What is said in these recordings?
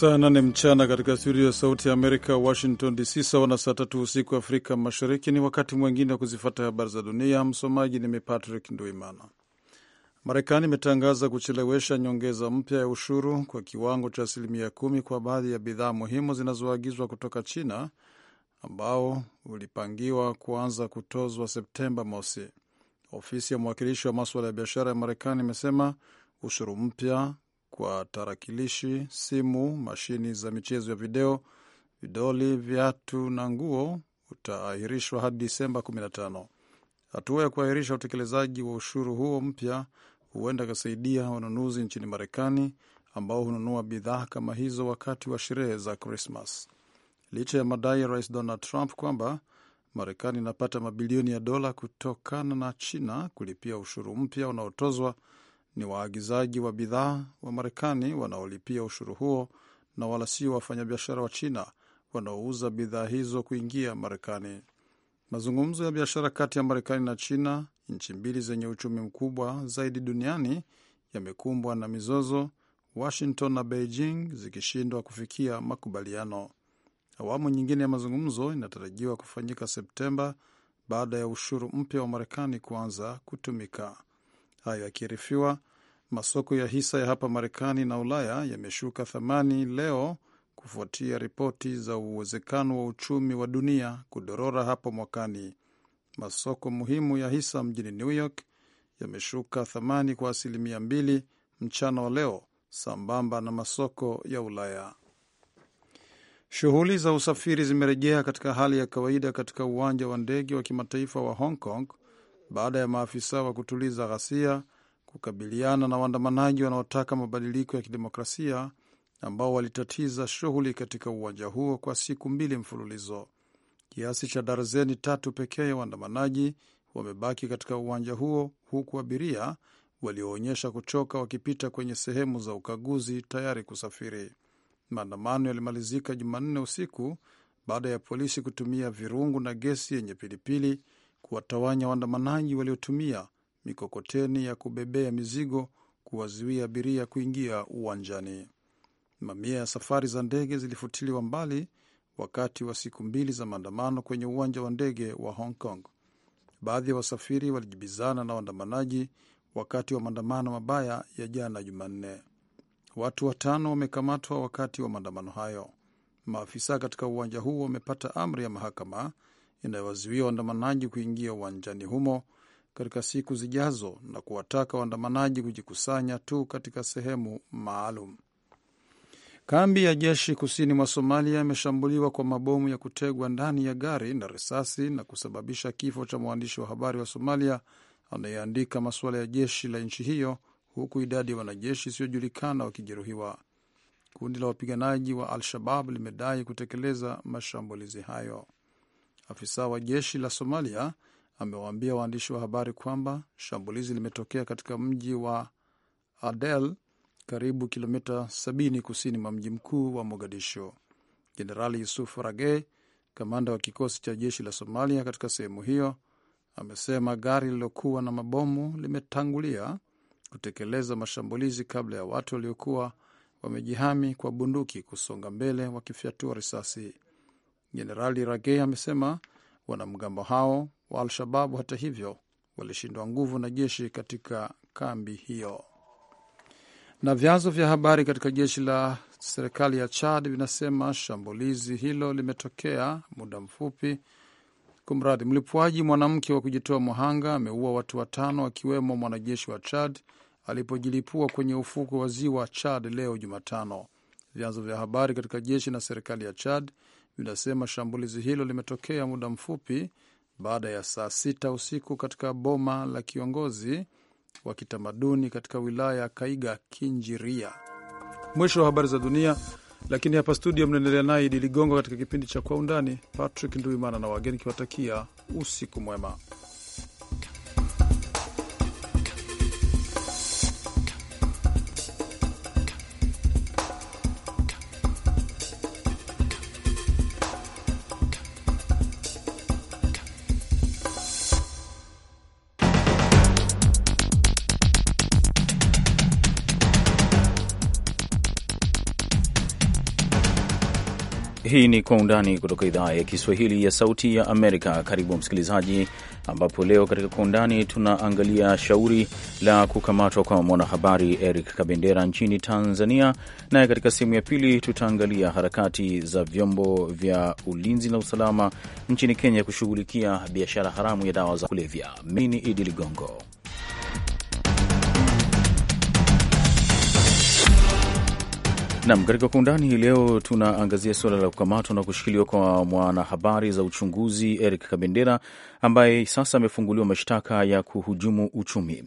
Saa nane mchana katika studio ya Sauti ya Amerika, Washington DC, sawa na saa tatu usiku Afrika Mashariki. Ni wakati mwingine wa kuzifata habari za dunia. Msomaji ni mimi Patrick Nduimana. Marekani imetangaza kuchelewesha nyongeza mpya ya ushuru kwa kiwango cha asilimia kumi kwa baadhi ya bidhaa muhimu zinazoagizwa kutoka China ambao ulipangiwa kuanza kutozwa Septemba mosi. Ofisi ya mwakilishi wa maswala ya biashara ya Marekani imesema ushuru mpya kwa tarakilishi, simu, mashini za michezo ya video, vidoli, viatu na nguo utaahirishwa hadi Disemba 15. Hatua ya kuahirisha utekelezaji wa ushuru huo mpya huenda ikasaidia wanunuzi nchini Marekani ambao hununua bidhaa kama hizo wakati wa sherehe za Krismas. Licha ya madai ya Rais Donald Trump kwamba Marekani inapata mabilioni ya dola kutokana na China kulipia ushuru mpya unaotozwa ni waagizaji wa bidhaa wa Marekani wanaolipia ushuru huo na wala sio wafanyabiashara wa China wanaouza bidhaa hizo kuingia Marekani. Mazungumzo ya biashara kati ya Marekani na China, nchi mbili zenye uchumi mkubwa zaidi duniani, yamekumbwa na mizozo, Washington na Beijing zikishindwa kufikia makubaliano. Awamu nyingine ya mazungumzo inatarajiwa kufanyika Septemba baada ya ushuru mpya wa Marekani kuanza kutumika. Hayo yakiharifiwa, Masoko ya hisa ya hapa Marekani na Ulaya yameshuka thamani leo kufuatia ripoti za uwezekano wa uchumi wa dunia kudorora hapo mwakani. Masoko muhimu ya hisa mjini New York yameshuka thamani kwa asilimia mbili mchana wa leo sambamba na masoko ya Ulaya. Shughuli za usafiri zimerejea katika hali ya kawaida katika uwanja wa ndege wa kimataifa wa Hong Kong baada ya maafisa wa kutuliza ghasia kukabiliana na waandamanaji wanaotaka mabadiliko ya kidemokrasia ambao walitatiza shughuli katika uwanja huo kwa siku mbili mfululizo. Kiasi cha darzeni tatu pekee ya waandamanaji wamebaki katika uwanja huo huku abiria walioonyesha kuchoka wakipita kwenye sehemu za ukaguzi tayari kusafiri. Maandamano yalimalizika Jumanne usiku baada ya polisi kutumia virungu na gesi yenye pilipili kuwatawanya waandamanaji waliotumia mikokoteni ya kubebea mizigo kuwazuia abiria kuingia uwanjani. Mamia ya safari za ndege zilifutiliwa mbali wakati wa siku mbili za maandamano kwenye uwanja wa ndege wa Hong Kong. Baadhi ya wasafiri walijibizana na waandamanaji wakati wa maandamano mabaya ya jana Jumanne. Watu watano wamekamatwa wakati wa maandamano hayo. Maafisa katika uwanja huo wamepata amri ya mahakama inayowazuia waandamanaji kuingia uwanjani humo katika siku zijazo na kuwataka waandamanaji kujikusanya tu katika sehemu maalum. Kambi ya jeshi kusini mwa Somalia imeshambuliwa kwa mabomu ya kutegwa ndani ya gari na risasi na kusababisha kifo cha mwandishi wa habari wa Somalia anayeandika masuala ya jeshi la nchi hiyo, huku idadi ya wanajeshi isiyojulikana wakijeruhiwa. Kundi la wapiganaji wa Al-Shabab limedai kutekeleza mashambulizi hayo. Afisa wa jeshi la Somalia amewaambia waandishi wa habari kwamba shambulizi limetokea katika mji wa Adel, karibu kilomita 70 kusini mwa mji mkuu wa mogadisho Jenerali Yusuf Ragey, kamanda wa kikosi cha jeshi la Somalia katika sehemu hiyo, amesema gari lililokuwa na mabomu limetangulia kutekeleza mashambulizi kabla ya watu waliokuwa wamejihami kwa bunduki kusonga mbele wakifyatua risasi. Jenerali Ragey amesema wanamgambo hao wa Al-Shababu hata hivyo walishindwa nguvu na jeshi katika kambi hiyo. Na vyanzo vya habari katika jeshi la serikali ya Chad vinasema shambulizi hilo limetokea muda mfupi Kumradhi, mlipuaji mwanamke wa kujitoa mhanga ameua watu watano akiwemo mwanajeshi wa Chad alipojilipua kwenye ufuko wa ziwa Chad leo Jumatano. Vyanzo vya habari katika jeshi na serikali ya Chad vinasema shambulizi hilo limetokea muda mfupi baada ya saa sita usiku katika boma la kiongozi wa kitamaduni katika wilaya ya Kaiga, Kinjiria. Mwisho wa habari za dunia. Lakini hapa studio, mnaendelea naye Idi Ligongo katika kipindi cha Kwa Undani. Patrick Nduimana na wageni kiwatakia usiku mwema. Hii ni Kwa Undani kutoka idhaa ya Kiswahili ya Sauti ya Amerika. Karibu msikilizaji, ambapo leo katika Kwa Undani tunaangalia shauri la kukamatwa kwa mwanahabari Eric Kabendera nchini Tanzania, naye katika sehemu ya pili tutaangalia harakati za vyombo vya ulinzi na usalama nchini Kenya kushughulikia biashara haramu ya dawa za kulevya. Mimi ni Idi Ligongo. Nam, katika kwa undani hii leo tunaangazia suala la kukamatwa na kushikiliwa kwa mwanahabari za uchunguzi Eric Kabendera ambaye sasa amefunguliwa mashtaka ya kuhujumu uchumi.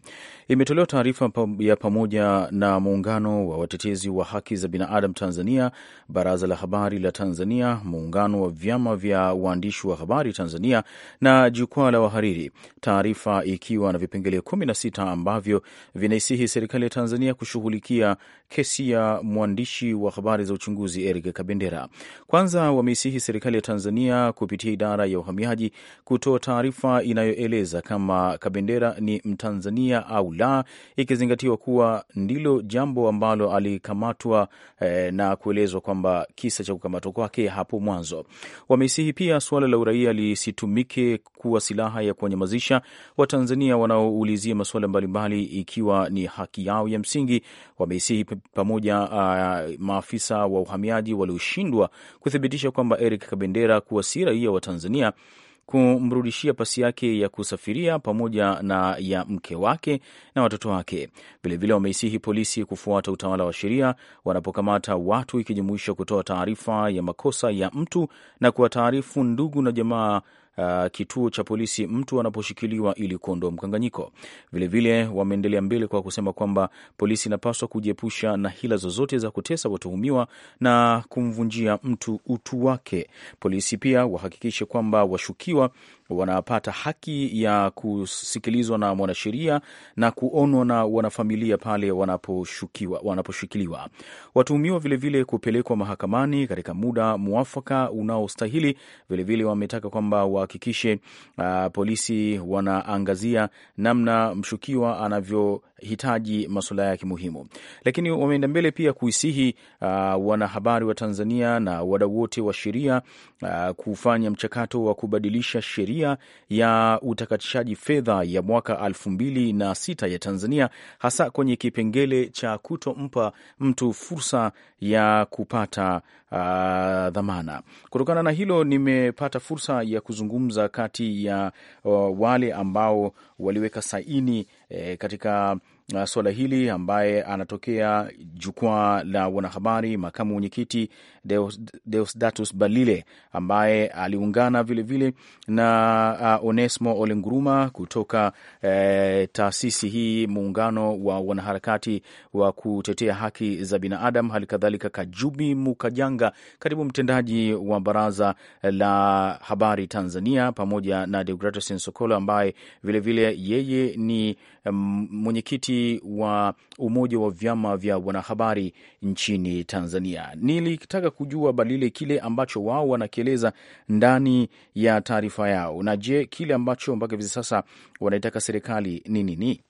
Imetolewa taarifa ya pamoja na muungano wa watetezi wa haki za binadamu Tanzania, baraza la habari la Tanzania, muungano wa vyama vya waandishi wa habari Tanzania na jukwaa la wahariri, taarifa ikiwa na vipengele kumi na sita ambavyo vinaisihi serikali ya Tanzania kushughulikia kesi ya mwandishi wa habari za uchunguzi Eric Kabendera. Kwanza wameisihi serikali ya Tanzania kupitia idara ya uhamiaji kutoa taarifa inayoeleza kama Kabendera ni Mtanzania au la, ikizingatiwa kuwa ndilo jambo ambalo alikamatwa eh, na kuelezwa kwamba kisa cha kukamatwa kwake hapo mwanzo. Wameisihi pia suala la uraia lisitumike kuwa silaha ya kuwanyamazisha Watanzania wanaoulizia masuala mbalimbali ikiwa ni haki yao ya msingi. Wameisihi pamoja uh, maafisa wa uhamiaji walioshindwa kuthibitisha kwamba Eric Kabendera kuwa si raia wa Tanzania kumrudishia pasi yake ya kusafiria pamoja na ya mke wake na watoto wake. Vilevile wameisihi polisi kufuata utawala wa sheria wanapokamata watu, ikijumuisha kutoa taarifa ya makosa ya mtu na kuwataarifu ndugu na jamaa uh, kituo cha polisi mtu anaposhikiliwa ili kuondoa mkanganyiko. Vilevile wameendelea mbele kwa kusema kwamba polisi inapaswa kujiepusha na hila zozote za kutesa watuhumiwa na kumvunjia mtu utu wake. Polisi pia wahakikishe kwamba washukiwa wanapata haki ya kusikilizwa na mwanasheria na kuonwa na wanafamilia pale wanaposhikiliwa. Watuhumiwa vilevile kupelekwa mahakamani katika muda mwafaka unaostahili. Vilevile wametaka kwamba wahakikishe uh, polisi wanaangazia namna mshukiwa anavyohitaji masuala yake muhimu, lakini wameenda mbele pia kuisihi uh, wanahabari wa Tanzania na wadau wote wa sheria uh, kufanya mchakato wa kubadilisha sheria sheria ya utakatishaji fedha ya mwaka elfu mbili na sita ya Tanzania, hasa kwenye kipengele cha kutompa mtu fursa ya kupata uh, dhamana. Kutokana na hilo, nimepata fursa ya kuzungumza kati ya uh, wale ambao waliweka saini eh, katika uh, suala hili ambaye anatokea jukwaa la wanahabari, makamu mwenyekiti Deus, Deusdatus Balile ambaye aliungana vilevile vile na uh, Onesmo Olenguruma kutoka uh, taasisi hii, muungano wa wanaharakati wa kutetea haki za binadamu, hali kadhalika Kajubi Mukajanga, katibu mtendaji wa baraza la habari Tanzania, pamoja na Deogratias Nsokola ambaye vilevile vile yeye ni um, mwenyekiti mwenyekiti wa Umoja wa Vyama vya Wanahabari nchini Tanzania. Nilitaka kujua Balile kile ambacho wao wanakieleza ndani ya taarifa yao, na je, kile ambacho mpaka hivi sasa wanaitaka serikali ni nini?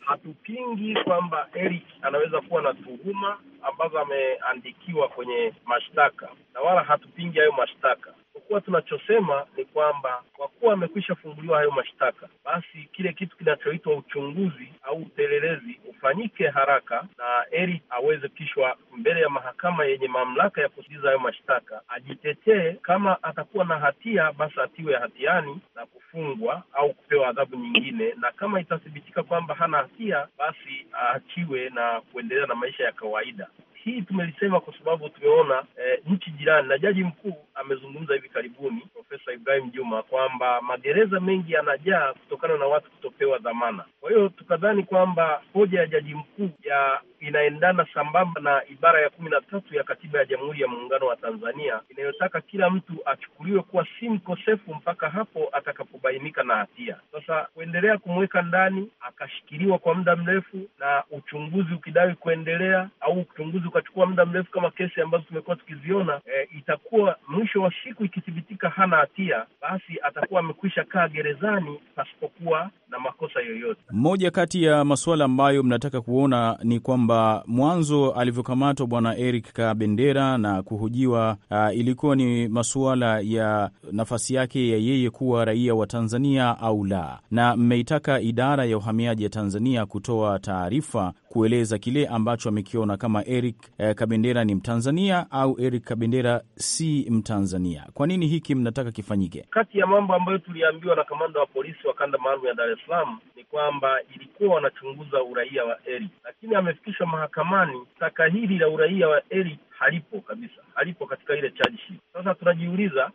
Hatupingi kwamba Eric anaweza kuwa na tuhuma ambazo ameandikiwa kwenye mashtaka na wala hatupingi hayo mashtaka, Isipokuwa tunachosema ni kwamba kwa kuwa amekwisha funguliwa hayo mashtaka, basi kile kitu kinachoitwa uchunguzi au upelelezi ufanyike haraka, na Eric aweze kishwa mbele ya mahakama yenye mamlaka ya kusikiliza hayo mashtaka, ajitetee. Kama atakuwa na hatia, basi atiwe hatiani na kufungwa au kupewa adhabu nyingine, na kama itathibitika kwamba hana hatia, basi aachiwe na kuendelea na maisha ya kawaida. Hii tumelisema kwa sababu tumeona eh, nchi jirani na jaji mkuu amezungumza hivi karibuni Profesa Ibrahim Juma kwamba magereza mengi yanajaa kutokana na watu kutopewa dhamana. Kwa hiyo tukadhani kwamba hoja ya jaji mkuu ya inaendana sambamba na ibara ya kumi na tatu ya katiba ya Jamhuri ya Muungano wa Tanzania inayotaka kila mtu achukuliwe kuwa si mkosefu mpaka hapo atakapobainika na hatia. Sasa kuendelea kumweka ndani akashikiliwa kwa muda mrefu na uchunguzi ukidai kuendelea au uchunguzi ukachukua muda mrefu kama kesi ambazo tumekuwa tukiziona, e, itakuwa mwisho mwisho wa siku ikithibitika hana hatia, basi atakuwa amekwisha kaa gerezani pasipokuwa na makosa yoyote. Moja kati ya masuala ambayo mnataka kuona ni kwamba mwanzo alivyokamatwa bwana Eric Kabendera na kuhojiwa, uh, ilikuwa ni masuala ya nafasi yake ya yeye kuwa raia wa Tanzania au la, na mmeitaka idara ya uhamiaji ya Tanzania kutoa taarifa kueleza kile ambacho amekiona kama Eric eh, Kabendera ni Mtanzania au Eric Kabendera si Mtanzania. Kwa nini hiki mnataka kifanyike? Kati ya mambo ambayo tuliambiwa na kamanda wa polisi wa kanda maalum ya Dar es es Salaam ni kwamba ilikuwa wanachunguza uraia wa Eric, lakini amefikishwa mahakamani, saka hili la uraia wa Eric halipo kabisa, halipo katika ile charge sheet. Sasa tunajiuliza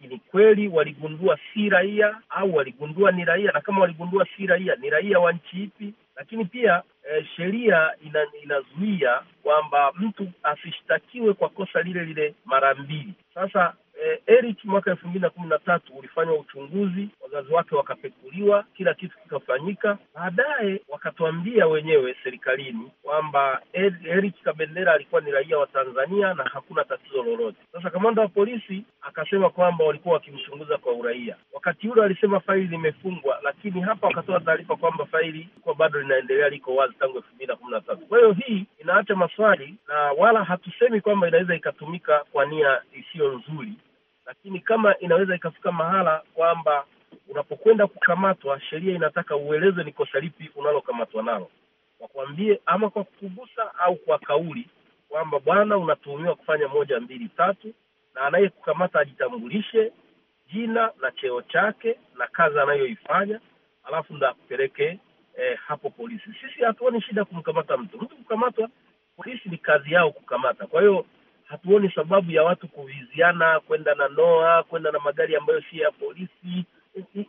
ni kweli waligundua si raia au waligundua ni raia? Na kama waligundua si raia, ni raia wa nchi ipi? Lakini pia e, sheria ina, inazuia kwamba mtu asishtakiwe kwa kosa lile lile mara mbili. Sasa eh, mwaka elfu mbili na kumi na tatu ulifanywa uchunguzi, wazazi wake wakapekuliwa, kila kitu kikafanyika. Baadaye wakatuambia wenyewe serikalini kwamba eric Kabendera alikuwa ni raia wa Tanzania na hakuna tatizo lolote. Sasa kamanda wa polisi akasema kwamba walikuwa wakimchunguza kwa uraia. Wakati ule alisema faili limefungwa, lakini hapa wakatoa taarifa kwamba faili ilikuwa bado linaendelea, liko wazi tangu elfu mbili na kumi na tatu. Kwa hiyo hii inaacha maswali na wala hatusemi kwamba inaweza ikatumika kwa nia isiyo nzuri lakini kama inaweza ikafika mahala kwamba unapokwenda kukamatwa, sheria inataka uelezwe ni kosa lipi unalokamatwa nalo, wakuambie ama kwa kukugusa au kwa kauli kwamba bwana, unatuhumiwa kufanya moja mbili tatu, na anayekukamata ajitambulishe jina na cheo chake na kazi anayoifanya, alafu ndo akupeleke eh, hapo polisi. Sisi hatuoni shida kumkamata mtu. Mtu kukamatwa, polisi ni kazi yao kukamata. Kwa hiyo hatuoni sababu ya watu kuviziana, kwenda na noa, kwenda na magari ambayo si ya polisi,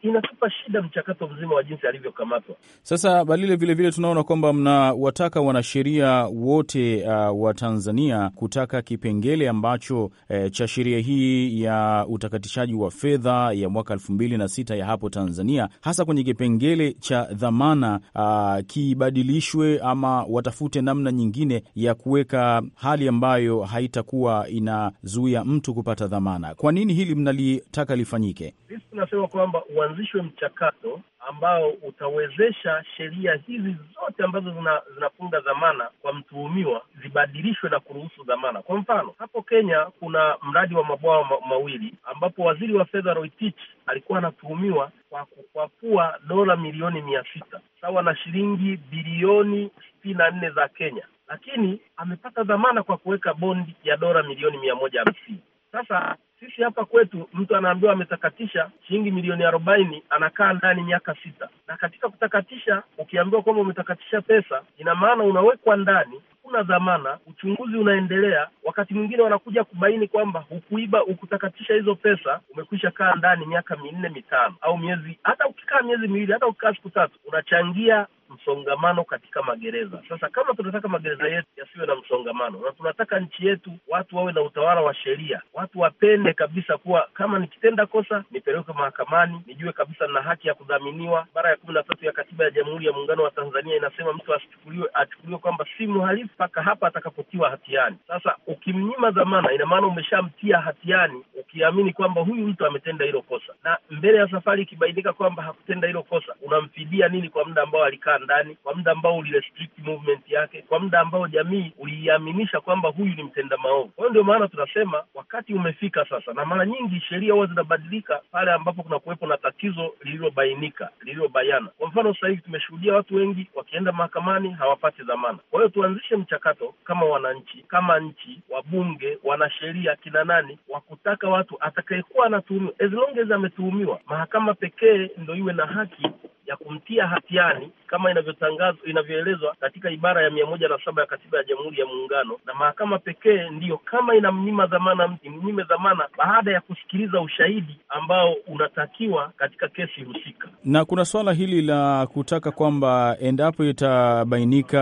inatupa shida mchakato mzima wa jinsi alivyokamatwa. Sasa Balile, vilevile tunaona kwamba mnawataka wanasheria wote uh, wa Tanzania kutaka kipengele ambacho eh, cha sheria hii ya utakatishaji wa fedha ya mwaka elfu mbili na sita ya hapo Tanzania, hasa kwenye kipengele cha dhamana uh, kibadilishwe ama watafute namna nyingine ya kuweka hali ambayo haitakuwa inazuia mtu kupata dhamana. Kwa nini hili mnalitaka lifanyike? Sisi tunasema kwamba kwamba uanzishwe mchakato ambao utawezesha sheria hizi zote ambazo zina, zinafunga dhamana kwa mtuhumiwa zibadilishwe na kuruhusu dhamana. Kwa mfano, hapo Kenya kuna mradi wa mabwawa ma, mawili ambapo waziri wa fedha Roitich alikuwa anatuhumiwa kwa kukwapua dola milioni mia sita sawa na shilingi bilioni sitini na nne za Kenya, lakini amepata dhamana kwa kuweka bondi ya dola milioni mia moja hamsini. Sasa sisi hapa kwetu mtu anaambiwa ametakatisha shilingi milioni arobaini, anakaa ndani miaka sita, na katika kutakatisha, ukiambiwa kwamba umetakatisha pesa, ina maana unawekwa ndani hakuna dhamana, uchunguzi unaendelea. Wakati mwingine wanakuja kubaini kwamba hukuiba, ukutakatisha hizo pesa, umekwisha kaa ndani miaka minne mitano au miezi, hata ukikaa miezi miwili, hata ukikaa siku tatu, unachangia msongamano katika magereza. Sasa kama tunataka magereza yetu yasiwe na msongamano na tunataka nchi yetu watu wawe na utawala wa sheria, watu wapende kabisa kuwa kama nikitenda kosa nipelekwe mahakamani, nijue kabisa nina haki ya kudhaminiwa. Ibara ya kumi na tatu ya Katiba ya Jamhuri ya Muungano wa Tanzania inasema mtu asichukuliwe, achukuliwe kwamba si mhalifu mpaka hapa atakapotiwa hatiani. Sasa ukimnyima dhamana, ina maana umeshamtia hatiani, ukiamini kwamba huyu mtu ametenda hilo kosa, na mbele ya safari ikibainika kwamba hakutenda hilo kosa, unamfidia nini kwa muda ambao alikaa ndani, kwa muda ambao ulirestrict movement yake, kwa muda ambao jamii uliiaminisha kwamba huyu ni mtenda maovu. Kwa hiyo ndio maana tunasema wakati umefika sasa, na mara nyingi sheria huwa zinabadilika pale ambapo kuna kuwepo na tatizo lililobainika, lililobayana. Kwa mfano, sasa hivi tumeshuhudia watu wengi wakienda mahakamani hawapati dhamana. Kwa hiyo tuanzishe mchakato kama wananchi, kama nchi, wabunge, wanasheria, kina nani, wa kutaka watu atakayekuwa anatuhumiwa, as long as ametuhumiwa, mahakama pekee ndo iwe na haki ya kumtia hatiani kama inavyotangazwa inavyoelezwa katika ibara ya mia moja na saba ya katiba ya Jamhuri ya Muungano, na mahakama pekee ndiyo kama inamnyima dhamana mtu imnyime dhamana baada ya kusikiliza ushahidi ambao unatakiwa katika kesi husika. Na kuna suala hili la kutaka kwamba endapo itabainika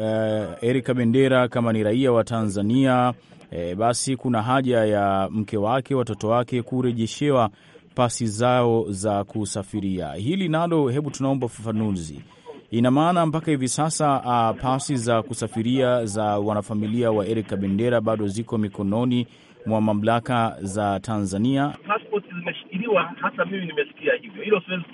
eh, erika Bendera kama ni raia wa Tanzania E, basi kuna haja ya mke wake, watoto wake kurejeshewa pasi zao za kusafiria. Hili nalo, hebu tunaomba ufafanuzi. Ina maana mpaka hivi sasa uh, pasi za kusafiria za wanafamilia wa Eric Kabendera bado ziko mikononi mwa mamlaka za Tanzania? Pasipoti zimeshikiliwa, hata mimi nimesikia hivyo, hilo siwezi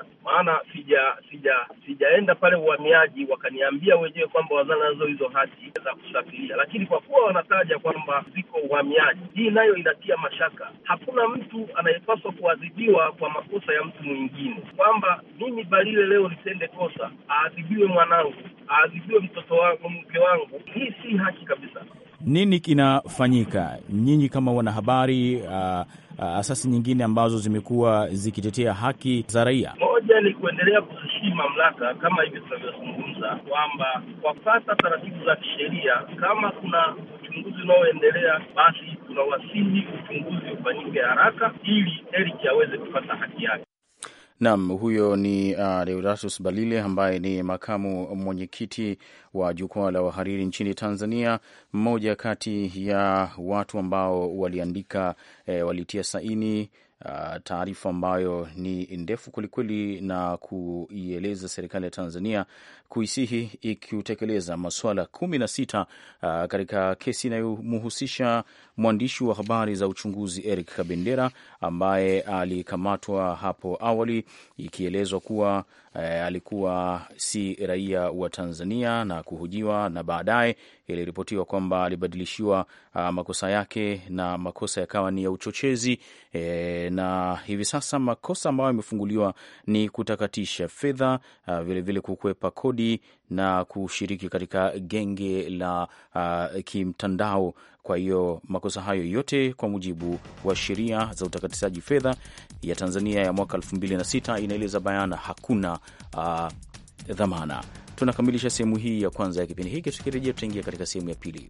kutosha, maana sija sija sijaenda pale uhamiaji wakaniambia wenyewe kwamba wanazo hizo hati za kusafiria, lakini kwa kuwa wanataja kwamba ziko uhamiaji, hii nayo inatia mashaka. Hakuna mtu anayepaswa kuadhibiwa kwa makosa ya mtu mwingine, kwamba mimi Balile leo nitende kosa, aadhibiwe mwanangu, aadhibiwe mtoto wangu, mke wangu. Hii si haki kabisa. Nini kinafanyika nyinyi kama wanahabari uh... Uh, asasi nyingine ambazo zimekuwa zikitetea haki za raia? Moja ni kuendelea kuzishii mamlaka kama hivi tunavyozungumza, kwamba kwa sasa taratibu za kisheria, kama kuna uchunguzi unaoendelea basi tunawasihi uchunguzi ufanyike haraka ili Eric aweze kupata haki yake. Nam, huyo ni uh, Deodatus Balile ambaye ni makamu mwenyekiti wa jukwaa la wahariri nchini Tanzania, mmoja kati ya watu ambao waliandika, eh, walitia saini Ah, taarifa ambayo ni ndefu kwelikweli na kuieleza serikali ya Tanzania kuisihi ikiutekeleza masuala kumi na sita ah, katika kesi inayomhusisha mwandishi wa habari za uchunguzi Eric Kabendera ambaye alikamatwa hapo awali ikielezwa kuwa eh, alikuwa si raia wa Tanzania na kuhojiwa na baadaye iliripotiwa kwamba alibadilishiwa uh, makosa yake na makosa yakawa ni ya uchochezi e, na hivi sasa makosa ambayo yamefunguliwa ni kutakatisha fedha uh, ah, vilevile kukwepa kodi na kushiriki katika genge la uh, kimtandao. Kwa hiyo makosa hayo yote kwa mujibu wa sheria za utakatishaji fedha ya Tanzania ya mwaka 2006 inaeleza bayana hakuna uh, dhamana tunakamilisha sehemu hii ya kwanza ya kipindi hiki. Tukirejea tutaingia katika sehemu ya pili.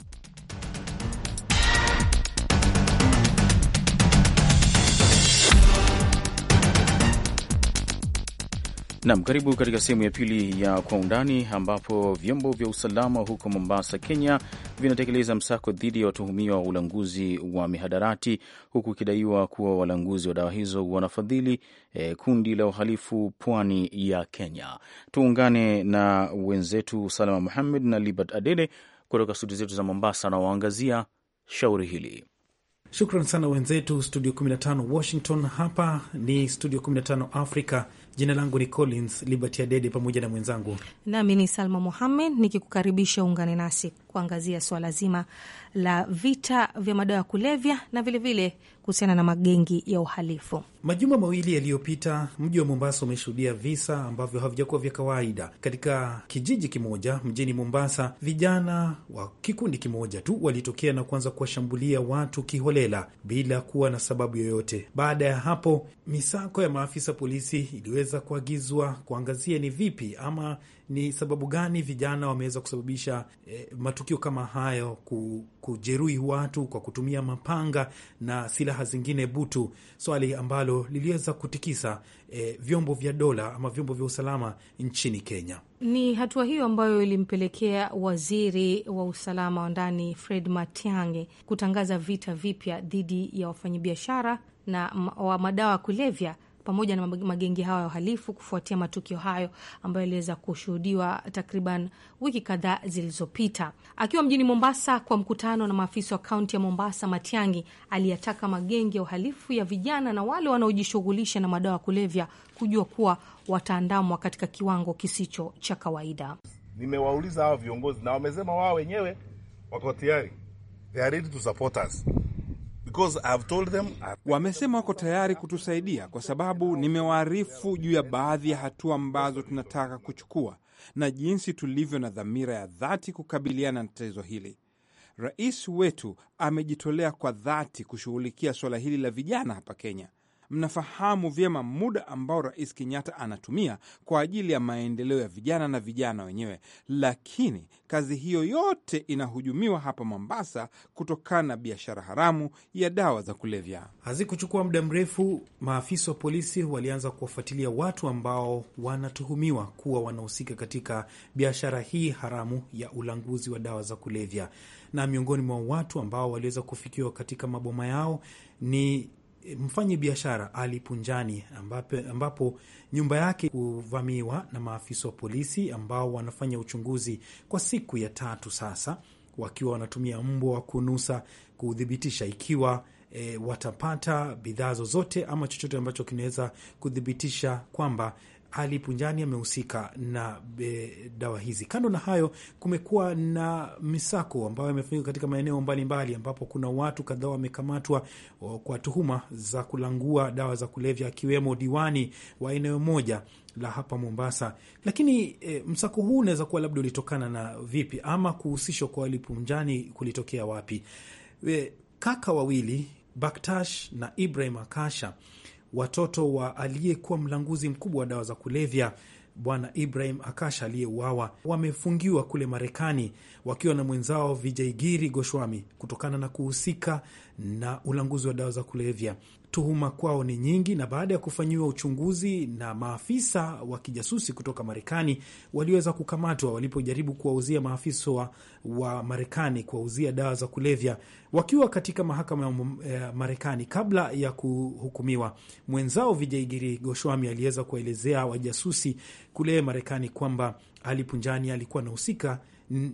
Nam, karibu katika sehemu ya pili ya Kwa Undani, ambapo vyombo vya usalama huko Mombasa, Kenya vinatekeleza msako dhidi ya watuhumiwa wa ulanguzi wa mihadarati, huku ikidaiwa kuwa walanguzi wa dawa hizo wanafadhili eh, kundi la uhalifu pwani ya Kenya. Tuungane na wenzetu Salama Muhamed na Libert Adede kutoka studio zetu za Mombasa na waangazia shauri hili. Shukran sana wenzetu studio 15 Washington. Hapa ni studio 15 Africa Jina langu ni Collins Liberty Adede pamoja na mwenzangu nami ni Salma Mohamed nikikukaribisha ungane nasi kuangazia swala zima la vita vya madawa ya kulevya na vilevile kuhusiana na magengi ya uhalifu. Majuma mawili yaliyopita, mji wa Mombasa umeshuhudia visa ambavyo havijakuwa vya kawaida. Katika kijiji kimoja mjini Mombasa, vijana wa kikundi kimoja tu walitokea na kuanza kuwashambulia watu kiholela bila kuwa na sababu yoyote. Baada ya hapo, misako ya maafisa polisi iliweza wameweza kuagizwa kuangazia ni vipi ama ni sababu gani vijana wameweza kusababisha eh, matukio kama hayo, kujeruhi watu kwa kutumia mapanga na silaha zingine butu, swali ambalo liliweza kutikisa eh, vyombo vya dola ama vyombo vya usalama nchini Kenya. Ni hatua hiyo ambayo ilimpelekea waziri wa usalama wa ndani Fred Matiang'i kutangaza vita vipya dhidi ya wafanyabiashara na wa madawa ya kulevya pamoja na magenge hayo ya uhalifu kufuatia matukio hayo ambayo yaliweza kushuhudiwa takriban wiki kadhaa zilizopita. Akiwa mjini Mombasa kwa mkutano na maafisa wa kaunti ya Mombasa, Matiangi aliyataka magenge ya uhalifu ya vijana na wale wanaojishughulisha na madawa ya kulevya kujua kuwa wataandamwa katika kiwango kisicho cha kawaida. Nimewauliza hawa viongozi na wamesema wao wenyewe wako tayari, they are ready to support us because told them. Wamesema wako tayari kutusaidia kwa sababu nimewaarifu juu ya baadhi ya hatua ambazo tunataka kuchukua na jinsi tulivyo na dhamira ya dhati kukabiliana na tatizo hili. Rais wetu amejitolea kwa dhati kushughulikia suala hili la vijana hapa Kenya mnafahamu vyema muda ambao Rais Kenyatta anatumia kwa ajili ya maendeleo ya vijana na vijana wenyewe, lakini kazi hiyo yote inahujumiwa hapa Mombasa kutokana na biashara haramu ya dawa za kulevya. Hazikuchukua muda mrefu, maafisa wa polisi walianza kuwafuatilia watu ambao wanatuhumiwa kuwa wanahusika katika biashara hii haramu ya ulanguzi wa dawa za kulevya, na miongoni mwa watu ambao waliweza kufikiwa katika maboma yao ni mfanyi biashara Ali Punjani, ambapo, ambapo nyumba yake kuvamiwa na maafisa wa polisi ambao wanafanya uchunguzi kwa siku ya tatu sasa, wakiwa wanatumia mbwa wa kunusa kuthibitisha ikiwa e, watapata bidhaa zozote ama chochote ambacho kinaweza kuthibitisha kwamba ali Punjani amehusika na e, dawa hizi. Kando na hayo, kumekuwa na misako ambayo imefanyika katika maeneo mbalimbali, ambapo kuna watu kadhaa wamekamatwa kwa tuhuma za kulangua dawa za kulevya, akiwemo diwani wa eneo moja la hapa Mombasa. Lakini e, msako huu unaweza kuwa labda ulitokana na vipi, ama kuhusishwa kwa Ali Punjani kulitokea wapi? E, kaka wawili Baktash na Ibrahim Akasha watoto wa aliyekuwa mlanguzi mkubwa wa dawa za kulevya Bwana Ibrahim Akasha aliyeuawa wamefungiwa kule Marekani wakiwa na mwenzao Vijay Giri Goswami kutokana na kuhusika na ulanguzi wa dawa za kulevya. Tuhuma kwao ni nyingi, na baada ya kufanyiwa uchunguzi na maafisa wa kijasusi kutoka Marekani, waliweza kukamatwa walipojaribu kuwauzia maafisa wa, wa Marekani kuwauzia dawa za kulevya wakiwa katika mahakama ya eh, Marekani kabla ya kuhukumiwa. Mwenzao vijaigiri Goshwami aliweza kuwaelezea wajasusi kule Marekani kwamba Ali Punjani alikuwa anahusika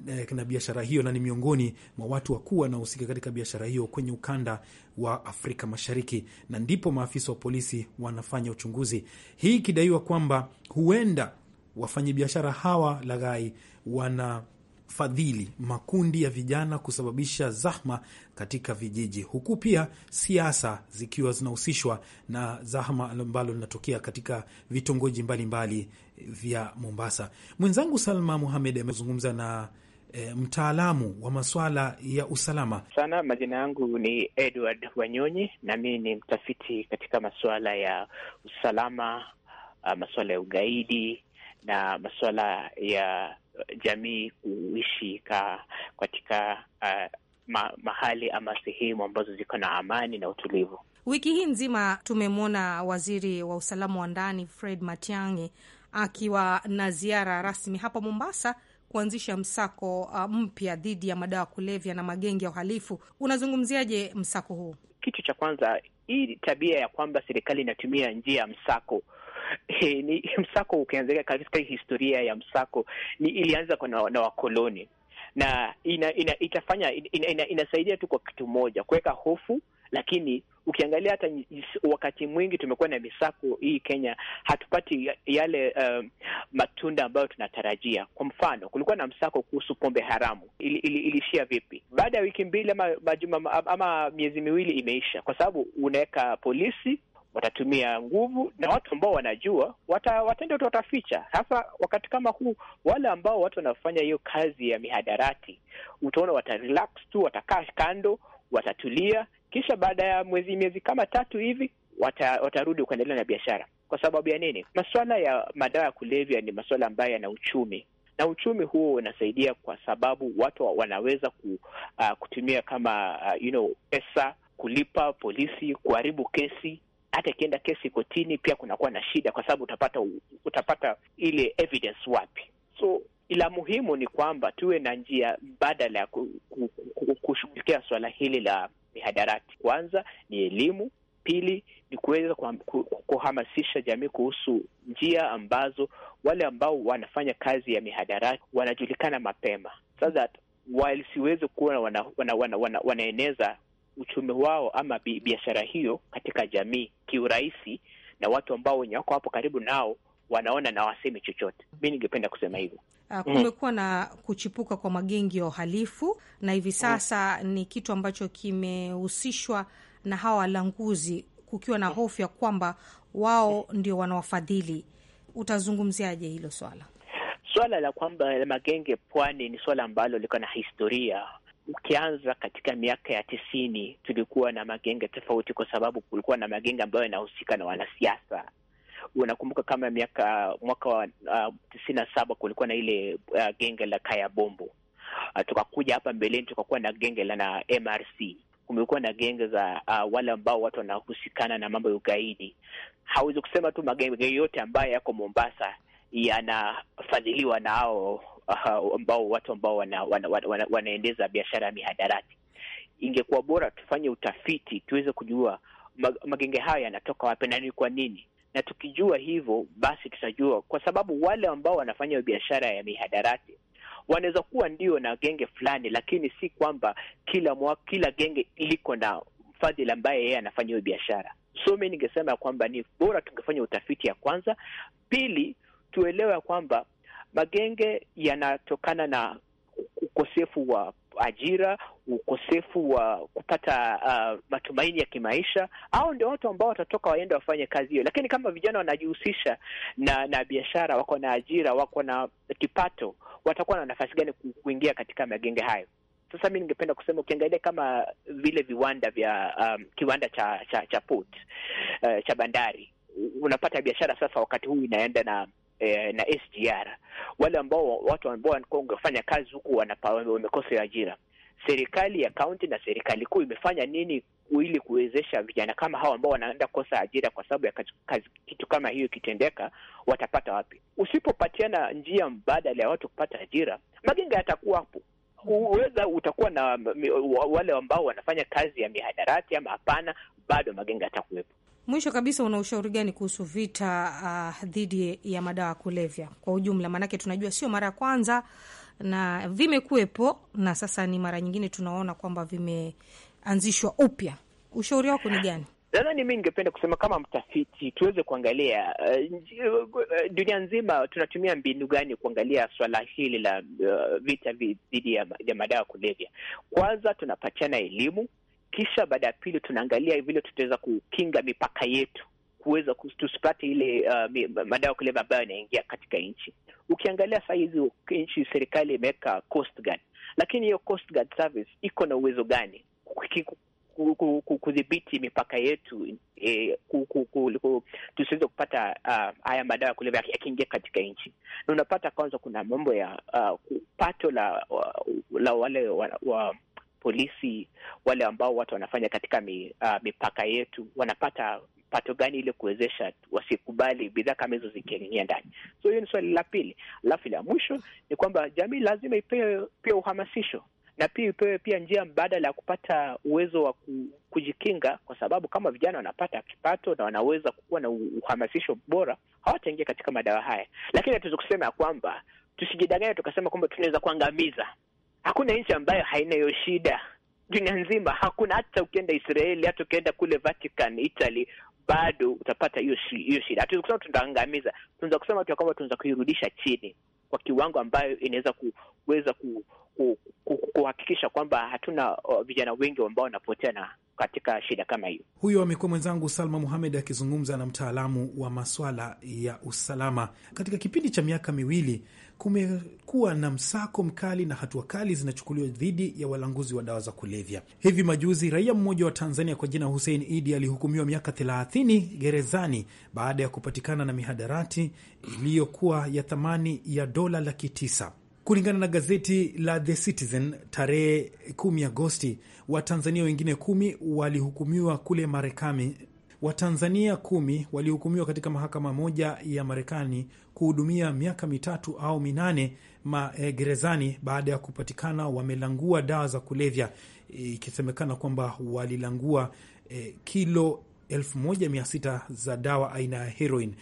Eh, na biashara hiyo na ni miongoni mwa watu wakuu wanaohusika katika biashara hiyo kwenye ukanda wa Afrika Mashariki, na ndipo maafisa wa polisi wanafanya uchunguzi, hii ikidaiwa kwamba huenda wafanyabiashara hawa laghai wana fadhili makundi ya vijana kusababisha zahma katika vijiji, huku pia siasa zikiwa zinahusishwa na zahma ambalo linatokea katika vitongoji mbalimbali vya Mombasa. Mwenzangu Salma Muhamed amezungumza na E, mtaalamu wa maswala ya usalama sana. Majina yangu ni Edward Wanyonyi na mimi ni mtafiti katika masuala ya usalama, ah, masuala ya ugaidi na masuala ya jamii kuishi katika uh, ma, mahali ama sehemu ambazo ziko na amani na utulivu. Wiki hii nzima tumemwona waziri wa usalama wa ndani Fred Matiang'i akiwa na ziara rasmi hapa Mombasa kuanzisha msako uh, mpya dhidi ya madawa kulevya na magenge ya uhalifu. Unazungumziaje msako huu? Kitu cha kwanza, hii tabia ya kwamba serikali inatumia njia ya msako He, ni msako ukianzia katika historia ya msako ni ilianza na, na wakoloni na ina, ina, itafanya ina, ina, inasaidia tu kwa kitu moja kuweka hofu lakini ukiangalia hata wakati mwingi tumekuwa na misako hii Kenya, hatupati yale uh, matunda ambayo tunatarajia. Kwa mfano, kulikuwa na msako kuhusu pombe haramu. Ili, ili, ilishia vipi? Baada ya wiki mbili ama majuma ama miezi miwili imeisha, kwa sababu unaweka polisi watatumia nguvu na watu ambao wanajua watenda tu wataficha. Sasa wakati kama huu, wale ambao watu wanafanya hiyo kazi ya mihadarati, utaona watarelax tu, watakaa kando, watatulia kisha baada ya mwezi miezi kama tatu hivi wata, watarudi kuendelea na biashara. Kwa sababu ya nini? Masuala ya madawa ya kulevya ni masuala ambayo yana uchumi na uchumi huo unasaidia kwa sababu watu wanaweza ku, uh, kutumia kama uh, you know, pesa kulipa polisi, kuharibu kesi. Hata ikienda kesi kotini pia kunakuwa na shida, kwa sababu utapata utapata ile evidence wapi? So ila muhimu ni kwamba tuwe na njia mbadala ya kushughulikia swala hili la mihadarati. Kwanza ni elimu, pili ni kuweza kuhamasisha jamii kuhusu njia ambazo wale ambao wanafanya kazi ya mihadarati wanajulikana mapema, so that wasiweze kuwa wana, wana, wana, wana, wanaeneza uchumi wao ama biashara hiyo katika jamii kiurahisi, na watu ambao wenye wako hapo karibu nao wanaona na waseme chochote. Mi ningependa kusema hivyo. Ah, mm-hmm. Kumekuwa na kuchipuka kwa magengi ya uhalifu na hivi mm-hmm. sasa mm. ni kitu ambacho kimehusishwa na hawa walanguzi, kukiwa na mm-hmm. hofu ya kwamba wao ndio wanawafadhili. Utazungumziaje hilo swala? Swala la kwamba magenge pwani ni swala ambalo liko na historia Ukianza katika miaka ya tisini tulikuwa na magenge tofauti, kwa sababu kulikuwa na magenge ambayo yanahusika na wanasiasa, unakumbuka kama miaka mwaka wa uh, tisini na saba kulikuwa na ile uh, genge la Kaya Bombo. Uh, tukakuja hapa mbeleni tukakuwa na genge la na MRC kumekuwa na genge za uh, wale ambao watu wanahusikana na mambo ya ugaidi. Hawezi kusema tu magenge yote ambayo yako Mombasa yanafadhiliwa na ao uh, ambao watu ambao wana, wana, wana, wana, wanaendeza biashara ya mihadarati. Ingekuwa bora tufanye utafiti tuweze kujua magenge hayo yanatoka wapi na ni kwa nini na tukijua hivyo basi tutajua, kwa sababu wale ambao wanafanya biashara ya mihadarati wanaweza kuwa ndio na genge fulani, lakini si kwamba kila mwa, kila genge liko na mfadhili ambaye yeye anafanya hiyo biashara. So mi ningesema kwamba ni bora tungefanya utafiti ya kwanza. Pili, tuelewe kwamba magenge yanatokana na ukosefu wa ajira, ukosefu wa kupata uh, matumaini ya kimaisha, au ndio watu ambao watatoka waende wafanye kazi hiyo. Lakini kama vijana wanajihusisha na na biashara, wako na ajira, wako na kipato, watakuwa na nafasi gani kuingia katika magenge hayo? Sasa mi ningependa kusema ukiangalia kama vile viwanda vya um, kiwanda cha cha cha port, uh, cha bandari, unapata biashara sasa wakati huu inaenda na eh, na SGR, wale ambao watu ambao walikuwa wangefanya kazi huku wamekosa ajira. Serikali ya kaunti na serikali kuu imefanya nini ili kuwezesha vijana kama hao ambao wanaenda kukosa ajira kwa sababu ya kazi? Kitu kama hiyo ikitendeka, watapata wapi? Usipopatiana njia mbadala ya watu kupata ajira, magenge yatakuwa hapo huweza utakuwa na wale ambao wanafanya kazi ya mihadarati ama hapana, bado magenge yatakuwepo. Mwisho kabisa, una ushauri gani kuhusu vita uh, dhidi ya madawa ya kulevya kwa ujumla? Maanake tunajua sio mara ya kwanza na vimekuwepo, na sasa ni mara nyingine tunaona kwamba vimeanzishwa upya. Ushauri wako ni gani? Nadhani mi ningependa kusema kama mtafiti, tuweze kuangalia uh, dunia nzima tunatumia mbinu gani kuangalia swala hili la uh, vita dhidi ya madawa ya kulevya. Kwanza tunapatiana elimu, kisha baada ya pili tunaangalia vile tutaweza kukinga mipaka yetu kuweza tusipate ile uh, madawa kulevya ambayo yanaingia katika nchi. Ukiangalia saa hizi nchi, serikali imeweka Coast Guard, lakini hiyo Coast Guard service iko na uwezo gani kudhibiti mipaka yetu e, tusiweze kupata uh, haya madawa ya kulevya yakiingia katika nchi, na unapata kwanza kuna mambo ya uh, pato la, la wale wa, wa polisi wale ambao watu wanafanya katika mi, uh, mipaka yetu wanapata pato gani ili kuwezesha wasikubali bidhaa kama hizo zikiingia ndani. So hiyo ni swali la pili. Alafu la mwisho ni kwamba jamii lazima ipewe pia uhamasisho na pia ipewe pia njia mbadala ya kupata uwezo wa kujikinga, kwa sababu kama vijana wanapata kipato na wanaweza kuwa na uhamasisho bora, hawataingia katika madawa haya. Lakini hatuwezi kusema ya kwamba, tusijidanganye tukasema kwamba tunaweza kuangamiza. Hakuna nchi ambayo haina hiyo shida dunia nzima, hakuna. Hata ukienda Israeli, hata ukienda kule Vatican, Italy, bado utapata hiyo shida. Hatuwezi kusema tunaangamiza, tunaweza kusema tu kwamba tunaweza kuirudisha chini kwa kiwango ambayo inaweza kuweza ku kuhakikisha kwamba hatuna uh, vijana wengi ambao wanapotea na katika shida kama hiyo. Huyo amekuwa mwenzangu Salma Muhamed akizungumza na mtaalamu wa maswala ya usalama. Katika kipindi cha miaka miwili kumekuwa na msako mkali na hatua kali zinachukuliwa dhidi ya walanguzi wa dawa za kulevya. Hivi majuzi raia mmoja wa Tanzania kwa jina Hussein Idi alihukumiwa miaka 30 gerezani baada ya kupatikana na mihadarati iliyokuwa ya thamani ya dola laki tisa. Kulingana na gazeti la The Citizen tarehe 10 Agosti, Watanzania wengine kumi walihukumiwa kule Marekani. Watanzania kumi walihukumiwa katika mahakama moja ya Marekani kuhudumia miaka mitatu au minane magerezani eh, baada ya kupatikana wamelangua dawa za kulevya, ikisemekana kwamba walilangua eh, kilo 1600 za dawa aina ya heroin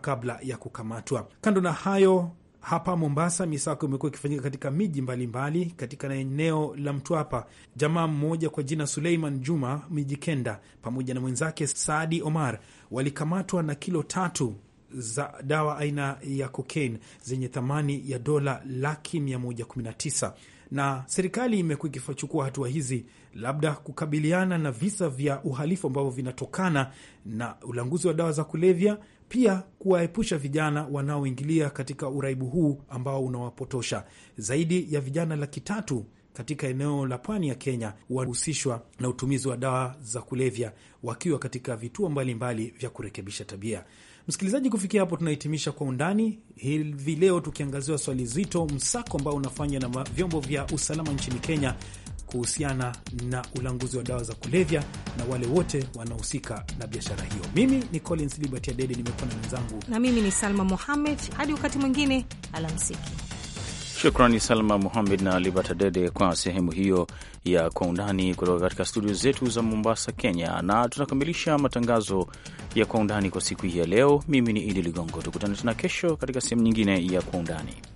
kabla ya kukamatwa. Kando na hayo hapa Mombasa, misako imekuwa ikifanyika katika miji mbalimbali. Katika eneo la Mtwapa, jamaa mmoja kwa jina Suleiman Juma Mijikenda pamoja na mwenzake Saadi Omar walikamatwa na kilo tatu za dawa aina ya kokaini zenye thamani ya dola laki 119 na serikali imekuwa ikichukua hatua hizi labda kukabiliana na visa vya uhalifu ambavyo vinatokana na ulanguzi wa dawa za kulevya pia kuwaepusha vijana wanaoingilia katika uraibu huu ambao unawapotosha. Zaidi ya vijana laki tatu katika eneo la pwani ya Kenya wahusishwa na utumizi wa dawa za kulevya wakiwa katika vituo mbalimbali mbali vya kurekebisha tabia. Msikilizaji, kufikia hapo tunahitimisha Kwa Undani hivi leo, tukiangaziwa swali zito, msako ambao unafanywa na vyombo vya usalama nchini Kenya kuhusiana na ulanguzi wa dawa za kulevya na wale wote wanahusika na biashara hiyo. Mimi ni Collins Liberty Adede, nimekuwa na mwenzangu, na mimi ni Salma Mohamed. Hadi wakati mwingine, alamsiki. Shukrani Salma Muhamed na Liberta Dede kwa sehemu hiyo ya Kwa Undani kutoka katika studio zetu za Mombasa, Kenya. Na tunakamilisha matangazo ya Kwa Undani kwa siku hii ya leo. Mimi ni Idi Ligongo, tukutane tena kesho katika sehemu nyingine ya Kwa Undani.